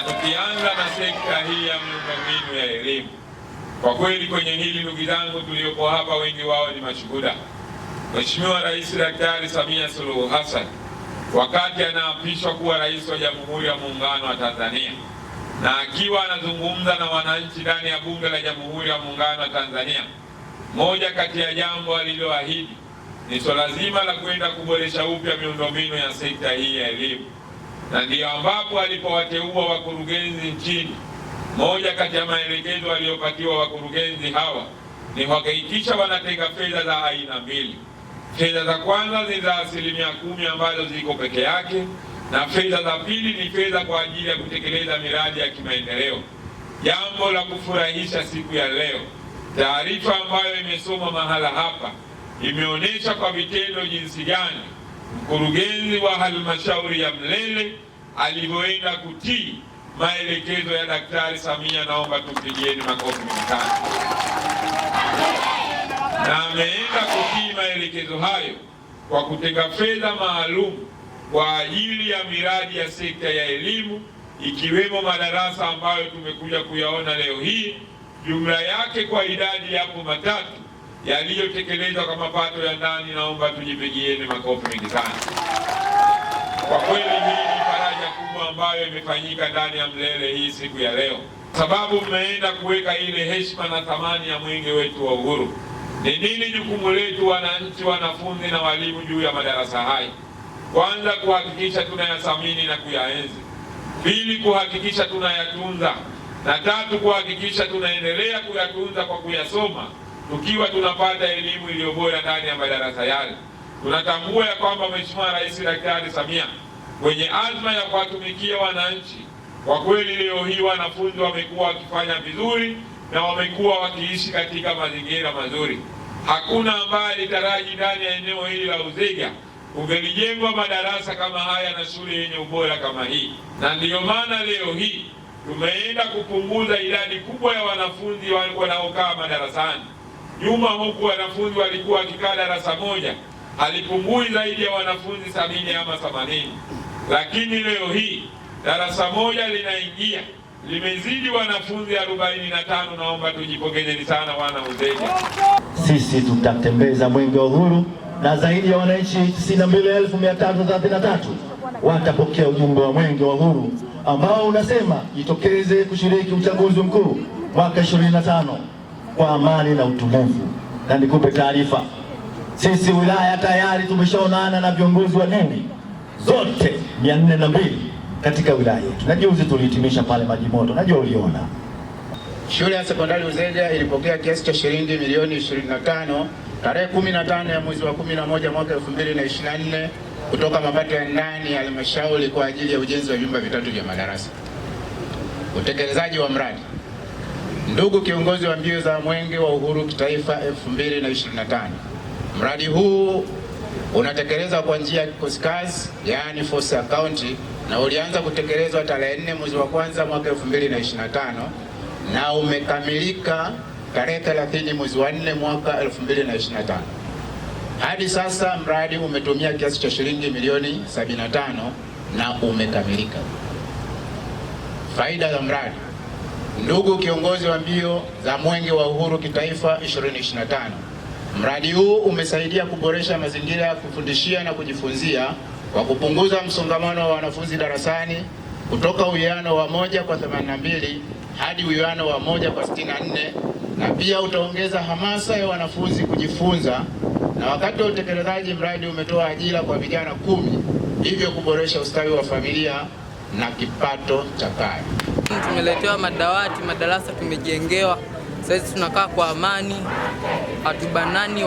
Tukianza na sekta hii ya miundombinu ya elimu, kwa kweli kwenye hili ndugu zangu tuliopo hapa wengi wao ni mashuhuda. Mheshimiwa Rais Daktari Samia Suluhu Hassan wakati anaapishwa kuwa rais wa Jamhuri ya Muungano wa Tanzania na akiwa anazungumza na wananchi ndani ya Bunge la Jamhuri ya Muungano wa Tanzania, moja kati ya jambo aliloahidi ni swala zima la kwenda kuboresha upya miundombinu ya sekta hii ya elimu na ndiyo ambapo alipowateua wakurugenzi nchini. Moja kati ya maelekezo aliyopatiwa wakurugenzi hawa ni kuhakikisha wanatenga fedha za aina mbili. Fedha za kwanza ni za asilimia kumi ambazo ziko peke yake, na fedha za pili ni fedha kwa ajili ya kutekeleza miradi ya kimaendeleo. Jambo la kufurahisha siku ya leo, taarifa ambayo imesoma mahala hapa imeonyesha kwa vitendo jinsi gani mkurugenzi wa halmashauri ya Mlele alivyoenda kutii maelekezo ya Daktari Samia, naomba tumpigieni makofi mkali. Na ameenda kutii maelekezo hayo kwa kutenga fedha maalum kwa ajili ya miradi ya sekta ya elimu ikiwemo madarasa ambayo tumekuja kuyaona leo hii, jumla yake kwa idadi yapo matatu yaliyotekelezwa kwa mapato ya ndani, naomba tujipigieni makofi mengi sana. Kwa kweli hii ni faraja kubwa ambayo imefanyika ndani ya Mlele hii siku ya leo, sababu mmeenda kuweka ile heshima na thamani ya mwenge wetu wa uhuru. Ni nini jukumu letu wananchi, wanafunzi na walimu juu ya madarasa haya? Kwanza, kuhakikisha tunayathamini na kuyaenzi; pili, kuhakikisha tunayatunza; na tatu, kuhakikisha tunaendelea kuyatunza kwa kuyasoma tukiwa tunapata elimu iliyo bora ndani ya madarasa yale. Tunatambua ya kwamba Mheshimiwa Rais Daktari Samia kwenye azma ya kuwatumikia wananchi, kwa kweli leo hii wanafunzi wamekuwa wakifanya vizuri na wamekuwa wakiishi katika mazingira mazuri. Hakuna ambaye alitaraji ndani ya eneo hili la Uzega kungelijengwa madarasa kama haya na shule yenye ubora kama hii, na ndiyo maana leo hii tumeenda kupunguza idadi kubwa ya wanafunzi wanaokaa madarasani. Juma huku wanafunzi walikuwa wakikaa darasa moja, alipungui zaidi ya wanafunzi sabini ama themanini, lakini leo hii darasa moja linaingia limezidi wanafunzi arobaini na tano. Naomba tujipongezeni sana wana Uzeja. Sisi tutatembeza mwenge wa uhuru na zaidi ya wananchi tatu watapokea ujumbe wa mwenge wa uhuru ambao unasema jitokeze kushiriki uchaguzi mkuu mwaka tano kwa amani na utulivu. Na nikupe taarifa, sisi wilaya tayari tumeshaonana na viongozi wa dini zote mia nne na mbili katika wilaya yetu, na juzi tulihitimisha pale maji moto najua uliona. Shule ya sekondari Uzeja ilipokea kiasi cha shilingi milioni 25 tarehe 15 ya mwezi wa 11 mwaka 2024 kutoka mapato ya ndani ya halmashauri kwa ajili ya ujenzi wa vyumba vitatu vya madarasa. Utekelezaji wa mradi Ndugu kiongozi wa mbio za Mwenge wa Uhuru kitaifa 2025, mradi huu unatekelezwa kwa njia ya kikosi kazi, yaani force account, na ulianza kutekelezwa tarehe 4 mwezi wa kwanza mwaka 2025 na umekamilika tarehe 30 mwezi wa 4 mwaka 2025. Hadi sasa mradi umetumia kiasi cha shilingi milioni 75 na umekamilika. Faida za mradi Ndugu kiongozi wa mbio za Mwenge wa Uhuru Kitaifa 2025, mradi huu umesaidia kuboresha mazingira ya kufundishia na kujifunzia kwa kupunguza msongamano wa wanafunzi darasani kutoka uwiano wa moja kwa 82 hadi uwiano wa moja kwa 64, na pia utaongeza hamasa ya wanafunzi kujifunza. Na wakati wa utekelezaji, mradi umetoa ajira kwa vijana kumi, hivyo kuboresha ustawi wa familia na kipato cha kaya. Tumeletewa madawati, madarasa tumejengewa, sasa tunakaa kwa amani, hatubanani.